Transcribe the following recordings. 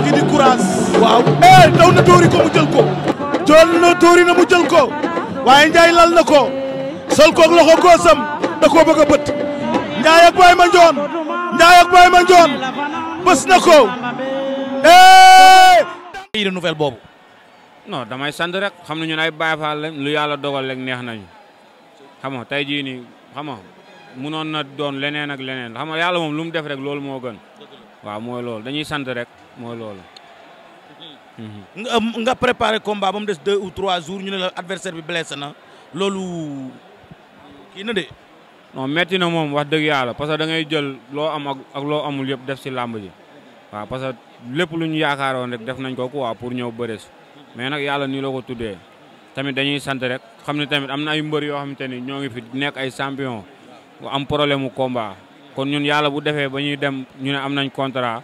waa ji di courage. waaw eh daw na tóori ko mu jël ko. jël na tóori na mu jël ko. waaye Ndiaye lal na ko. sol koog loxo góosam da koo bët. Ndiaye ak Baye Mandione. Ndiaye ak Baye Mandione. bës na ko. eh. de nouvelle boobu. non damay sant rek xam na ñun ay Baye Fall lu yàlla dogal rek neex nañu. xam nga tey jii nii xam na doon leneen ak leneen xam nga yàlla moom lu mu def rek loolu moo gën. waaw mooy loolu dañuy sant rek mooy loolu. nga nga préparé combat ba mu des deux ou trois jours ñu ne la adversaire bi blessé na loolu kii na de. non metti na moom wax dëgg yàlla parce que da ngay jël loo am ak loo amul yëpp def si làmb ji waaw parce que lépp lu ñu yaakaaroon rek def nañ ko quoi pour ñëw bëres mais nag yàlla nii loo ko tuddee tamit dañuy sant rek xam ne tamit am na ay mbër yoo xamante ni ñoo ngi fi nekk ay champion bu am problème mu combat. kon ñun yàlla bu defee ba ñuy dem ñu ne am nañ contrat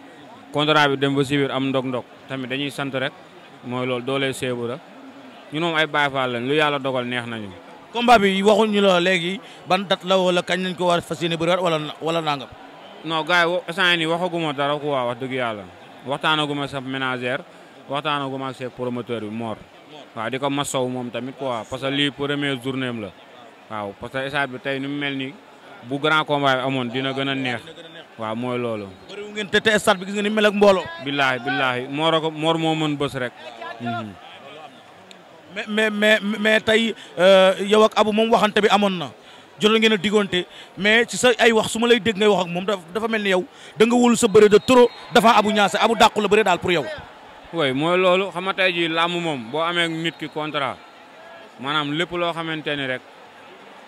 contra bi dem ba si am ndog-ndog tamit dañuy sant rek mooy loolu doolee seebu la ñun moom ay Baay Faal lañ lu yàlla dogal neex nañu. combat bi waxuñu la léegi ban date la wala kañ nañ ko war a fas yéene bëriwaat wala wala nangam. noo gars yi instant yii nii waxaguma dara ku waa wax dëgg yàlla waxtaanaguma sa ménagère waxtaanaguma ak seen promoteur bi Mor. waaw di ko ma soow moom tamit quoi parce que lii premier journée am la bu grand combat bi amoon dina gën a neex waaw mooy loolu. bëriwu ngeen te te stade bi gis nga ni mel ak mbooloo. billaahi billaahi moor ko moor moo mën bës rek. Mhm. mais mais mais tey euh, yow ak Abu moom waxante bi amoon na jotoon ngeen a diggante mais ci sa ay wax su ma lay dégg ngay wax ak moom dafa mel ni yow danga nga sa bëre de trop dafa Abu ñaase Abu dàqu la bëre daal pour yow. way mooy loolu xam nga tey jii làmb moom boo amee nit ki contrat maanaam lépp loo xamante ni rek.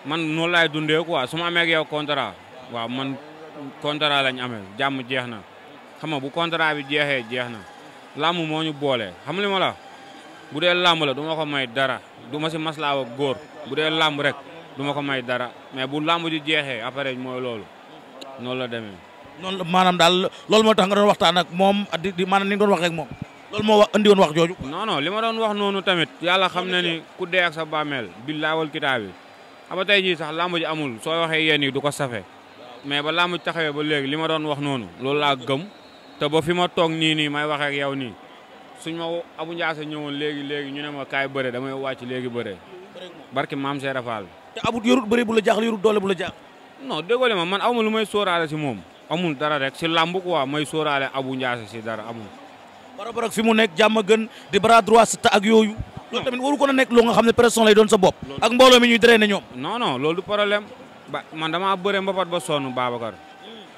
man noonu laay dundee quoi su ma amee kontra yow waaw man contrat lañ amee jàmm jeex na xam nga bu contrat bi jeexee jeex na làmb moo ñu boole xam li ma la bu dee làmb la du ma ko may dara du ma si maslaaw ak góor bu dee làmb rek du ma ko may dara mais bu làmb ji jeexee après mooy loolu noonu la demee. noonu maanaam daal loolu moo tax nga doon waxtaan ak moom di di maanaam ni nga doon wax rek moom. loolu moo wax andi wax jooju. non li ma doon wax noonu tamit yàlla xam ne ni ku dee ak sa bàmmeel billaawal kitaabi aba tey jii sax làmb amul soo waxee yéen yi du ko safe mais ba làmb ji taxawee ba léegi li ma doon wax noonu loolu laa gëm te ba fi ma toog nii nii may waxee ak yow nii suñ ma Abou Ndiassé ñëwoon léegi léegi ñu ne ma kaay bëre damay wàcc léegi bëre barki maam Seera Fall te Abou yorut bëre bu la jaaxal yorut doole bu la jaaxal non déggoo ma man amul lu may sóoraale si moom amul dara rek si làmb quoi may sóoraale abu Ndiassé si dara amul. par fi mu nekk ak yooyu. loolu tamit waru ko na nekk loo nga xam ne pression lay doon sa bopp. ak mbooloo mi ñuy drainer ñoom. non non loolu du problème ba man damaa bëre mbapat ba sonn Babacar.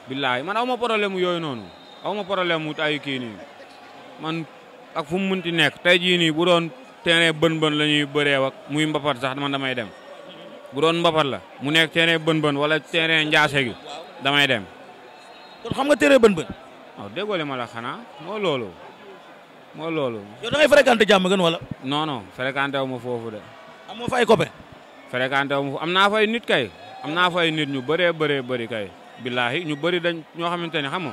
billaay man aw ma mu yooyu noonu aw ma problème wut ay kii nii man ak fu mu munti nekk tey jii nii bu doon terrain bën-bën la ñuy bëree wak muy mbapat sax man damay dem. bu doon mbapat la mu nekk terrain bën-bën wala terrain njaase gi damay dem. kon xam nga terrain bën-bën. waaw déggoo ma la xanaa moo mooy loolu. yow da ngay fréquenté jàmm gën wala. non non fréquenté wu ma foofu de. amoo fa ay am naa fay nit kay. am naa fay nit ñu bëree bëree bëri kay. billahi ñu bëri dañ ñoo xamante ne xam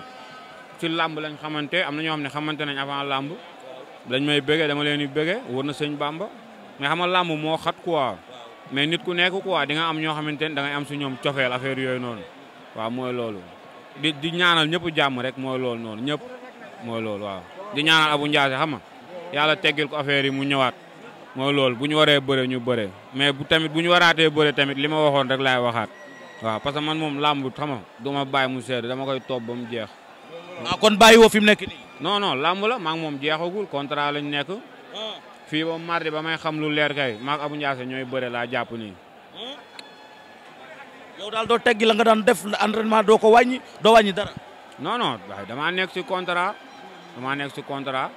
nga làmb lañ xamante am na ñoo xam ne xamante nañ avant làmb dañ may bëggee dama leen di bëggee wër na sëñ Bamba mais xam nga làmb moo xat quoi. mais nit ku nekk quoi di nga am ñoo xamante ne da ngay am si ñoom cofeel affaire yooyu noonu waaw mooy loolu. di di ñaanal ñëpp jàmm rek mooy loolu noonu ñëpp mooy loolu waaw. di ñaanal Abou Ndiassé xam nga yàlla teggil ko affaire mu ñëwaat mooy lool bu ñu waree bëree ñu bëre mais bu tamit bu ñu waraatee bëre tamit li ma waxoon rek laay waxaat waaw parce que man moom làmb xam nga du ma bàyyi mu sedd dama koy topp ba mu jeex. waaw ah, kon bàyyi woo fi mu nekk nii. non non làmb la maa moom jeexagul contrat lañ nekk. Ah. fii ba mardi ba may xam lu leer kay maak Abou Ndiassé ñooy bëre laa jàpp nii. Ah. yow daal doo teggi la nga daan def entraînement doo ko wàññi doo damaa nekk si contrat.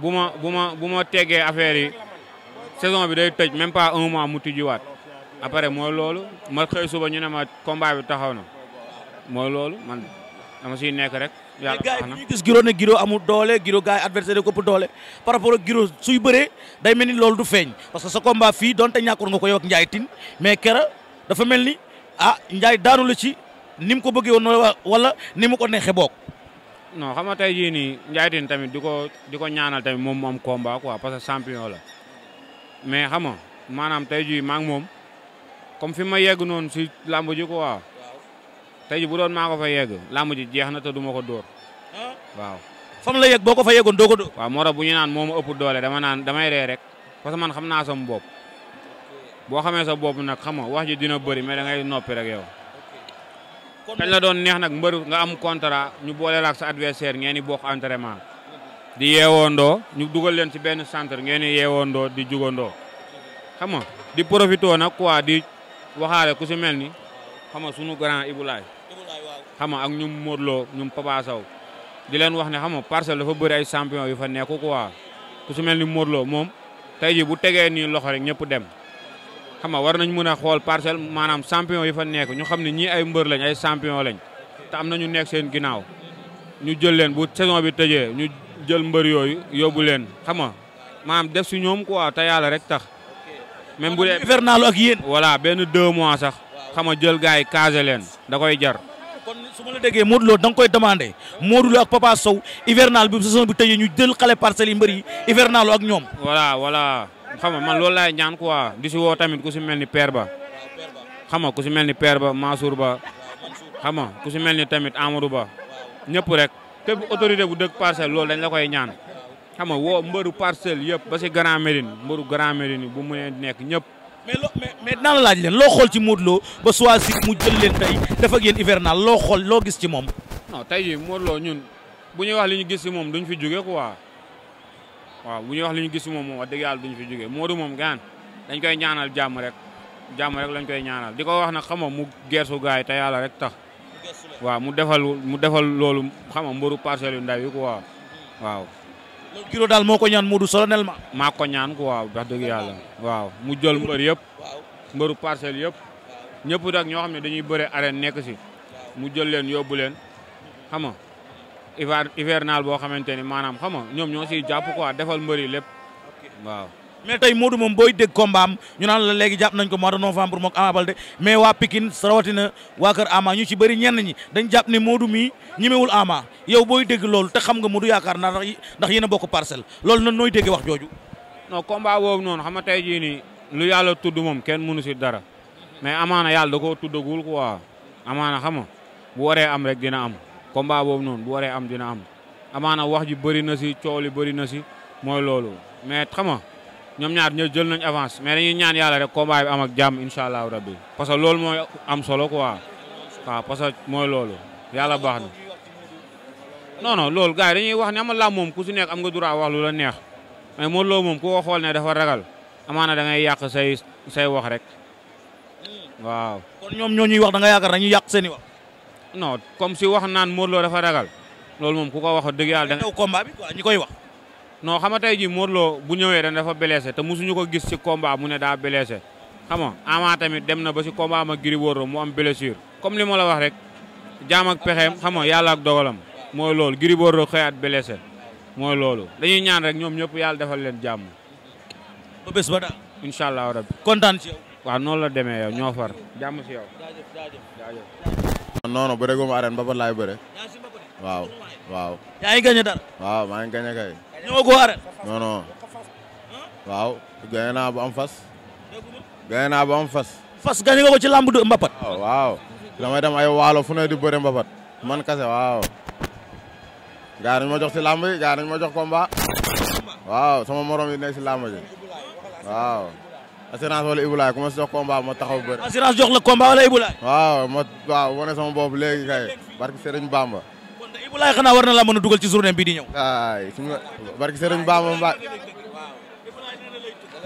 bu ma bu ma bu ma teggee affaire yi saison bi day tëj même pas un mois mu tijjiwaat après mooy loolu ma xëy suba ñu ne ma combat bi taxaw na mooy loolu man dama si nekk rek. yàlla baax na Giro ne Giro amul doole Giro gars adversaire ko doole par rapport ak Giro suy bëree day mel ni loolu du feeñ parce que sa combat fii donte ñàkkoon nga ko yow ak Ndiaye mais kera dafa mel ni ah Ndiaye daanu la ci ni mu ko bëggee woon wala ni mu ko neexee bokk. non xam nga tey jii nii Ndiaye tamit di ko di ko ñaanal tamit moom mu am combat quoi parce que champion la mais xam nga maanaam tey jii maa moom comme fi ma yegg noonu si làmb ji wa tey jii bu doon maa ko fa yegg làmb ji jeex na te du ma ko dóor waaw. fam la yegg boo ko fa yeggoon doo ko dóor. waaw moo bu ñu naan moom ëpp doole dama naan damay ree rek parce que man xam naa sama bopp boo xamee sa bopp nag xam nga wax ji dina bëri mais da ngay noppi rek yow. kañ la doon neex nag mbër nga am contrat ñu boole la ak sa adversaire ngeen di bokk entraînement di yeewoondoo ñu dugal leen ci benn centre ngeen di yeewoondoo di jugandoo xam nga di profité nag quoi di waxaale ku si ni xam nga sunu grand Ibulaay xam nga ak ñum Modou Lo ñum Papa Sow di leen wax ne xam nga parcelle dafa bër ay champion yu fa nekk quoi ku si mel ni Modou moom tey ji bu tegee nii loxo rek ñëpp dem xam war nañ mën a xool parcelle maanaam champion yi fa nekk ñu xam ne ñii ay mbër lañ ay champion lañ te am na ñu nekk seen ginnaaw ñu jël leen bu saison bi tëjee ñu jël mbër yooyu yobu leen xama nga def si ñoom quoi ta yàlla rek tax. même bu dee hivernal ak yéen. voilà benn deux mois sax xam nga jël gars yi casé leen da koy jar. kon su ma la déggee Modou Lo da nga koy demande moo Lo ak Papa Sow hivernal bi saison bi tëjee ñu jël xale parcelles yi mbër yi hivernal ak xam nga man loolu laay ñaan quoi di si woo tamit ku si mel ni père ba xam nga ku si mel ni père ba Mansour ba xam ku si mel ni tamit Amadou ba ñëpp rek képp autorité bu dëkk parcelle loolu dañ la koy ñaan xam nga woo mbëru parcelle yëpp ba si Grand Médine mbëru Grand Médine bu mënee nekk ñëpp. mais loo laaj leen loo xool ci Modou Lo ba choisir mu jël leen tey def ak hivernal loo xool loo gis ci moom. non tey jii Modou ñun bu ñuy wax li ñu gis ci moom duñ fi jóge quoi. waaw bu ñuy wax li ñu gis moom moom wax dëgg yàlla duñu fi jógee Modou moom gaan dañ koy ñaanal jàmm rek jàmm rek lañ koy ñaanal di ko wax nag xama nga mu gersu gars yi te yàlla rek tax waaw mu defal mu defal loolu xam nga mbaru parcelle yu ndaw yi quoi waaw. loolu daal moo ko ñaan Modou ma maa ko ñaan quoi wax dëgg yàlla. waaw mu jël mbër yëpp. mbëru parcelle yëpp. ñëpp nag ñoo xam ne dañuy bëre arène nekk si. mu jël leen yóbbu leen xam hivernal boo xamante ni maanaam xam nga ñoom ñoo siy jàpp quoi defal mbëri lépp waaw. mais tey Modou moom booy dégg combat ñu naan la léegi jàpp nañ ko mois de novembre mook Ama Baldé mais waa Pikine rawatina waa kër Ama ñu ci bëri ñenn ñi dañ jàpp ne Modou mii ñemewul Ama yow booy dégg loolu te xam nga Modou yaakaar naa ndax yéen a bokk parcelle loolu na nooy dégg wax jooju. non combat boobu noonu xam nga tey jii nii lu yàlla tudd moom kenn mënu si dara mais amaana yàlla da koo tuddagul quoi amaana xam nga bu waree am combat boobu noonu bu waree am dina am amaana wax ji bëri na si coow li bëri na si mooy loolu mais xam nga ñoom ñaar ñoo jël nañ avance mais dañuy ñaan yàlla rek combat bi am ak jàmm incha allah rabbi parce que loolu mooy am solo quoi waaw parce que mooy loolu yàlla baax na. non non loolu gars yi dañuy wax ne ama làmb moom ku si nekk am nga droit wax lu la neex mais Modou Lo moom ku ko xool ne dafa ragal amaana da ngay yàq say say wax rek hmm. waaw. kon ñoom ñoo ñuy wax da nga yaakaar dañuy yàq seen non comme si wax naan Modou Lo dafa ragal loolu moom ku ko wax dëgg yàlla. da nga combat koy wax. non xam nga tey jii Modou Lo bu ñëwee ren dafa blessé te mosuñu ko gis ci combat mu ne daa blessé xam nga tamit dem na ba ci combat ma Gris Bordeaux mu am blessure comme li ma la wax rek jaam ak pexeem xam nga yàlla ak dogalam mooy loolu Gris Bordeaux at blessé mooy loolu dañuy ñaan rek ñoom ñëpp yàlla defal leen jàmm. ba bés ba allah rabbi kontaan ci yow. noonu la demee ñoo far jàmm ci yow. non non bëre gu ma arène mbapat laay bëre. waaw waaw. yaa ngi gagné waaw maa ngi gagné kay. ñoo ko arène. non waaw gagné naa bu am fas. gagné naa bu am fas. fas gagné nga ci lamb du mbapat. waaw dem ay waalo fu di bëre mbapat man kase waaw. gaa nañ ma jox si lamb yi gaa nañ ma jox combat. waaw sama morom yi nekk si lamb waaw. assurance wala Ibulaay ku ma si jox combat ma taxaw bëri. assurance jox la combat wala Ibulaay. waaw ma waaw wane sama bopp léegi kay barki Serigne Bamba. Ibulaay xanaa war na laa mën a dugal ci journée bii di ñëw. ay suñu barki Serigne Bamba mba.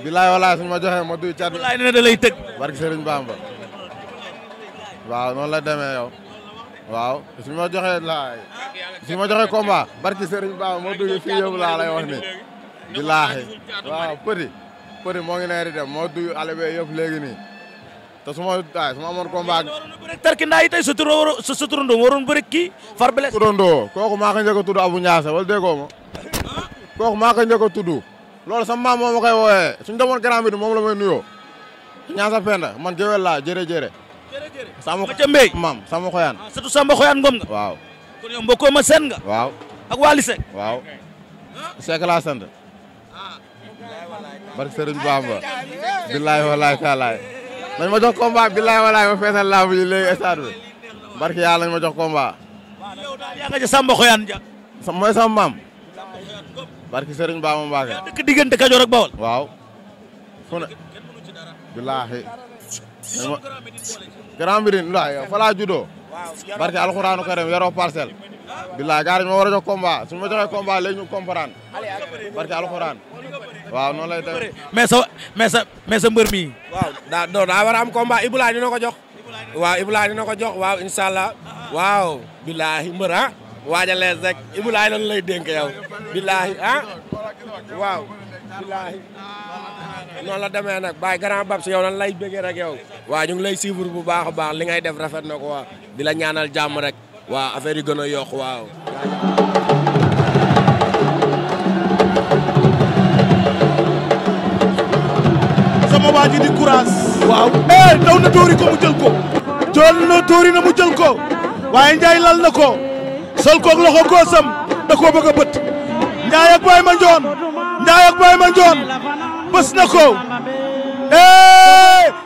bilaay walaay suñu ma joxe ma duy cat. Ibulaay nee na da lay tëgg. barki Serigne Bamba. waaw noonu la demee yow. waaw suñu ma joxee laay ma joxe komba barki Serigne Bamba ma duy fii yëpp laa lay wax ni. bilaahi waaw petit. përi moo ngi nee moo duy ale bee yëpp léegi nii te su ma tarkindaa yi tey sa turandoo sa sa turandoo waroon bëri kii maa ko njëkk a tudd Abou Ndiassé wala déggoo ma maa ko njëkk a tudd loolu sama maam moo ma koy wooyee suñu demoon grand bi moom man géwél laa jërë jërë. sama ko mbéy sama ah, xoyaan. ngom nga. waaw. ak Waly Seck. waaw Seck laa sant. barke Sëriñ Bamba billaay walaay taalaay nañ ma jox combat billaay walaay ma feesal laamu yi léegi stade bi barke yàlla nañ ma jox combat. yow daal yaa Sëriñ Bamba Mbacke. waaw fu billaahi grand birin waay yow fa laa juddoo barke alxuraanu karim yoroo billaahi gars dañ ma war a jox combat suñu ma joxee combat léegi ñu comprendre barke alxuraan waaw noonu lay demee mais sa mais sa mais sa mbër mi. waaw daa non daa war a am combat Ibou Laye dina ko jox. waaw Ibou Laye dina ko jox waaw incha allah. waaw billaahi mbër ah. waaja lees rek Ibou Laye lan lay dénk yow. billaahi ah waaw. billaahi noonu la demee nag Baye grand bab si yow nan lay bëggee rek yow. waaw ñu ngi lay suivre bu baax a baax li ngay def rafet na ko waaw. di la ñaanal jàmm rek. waaw affaire yi gën a yokk waaw. sama waa ji waaw eh daw na tóori ko mu jël ko. jël na tóori na mu jël ko. waaye Ndiaye lal na ko. sol koog loxo góosam da koo bëgg bët. Ndiaye ak Baye Mandione. Ndiaye ak Baye Mandione. bës na ko. eh.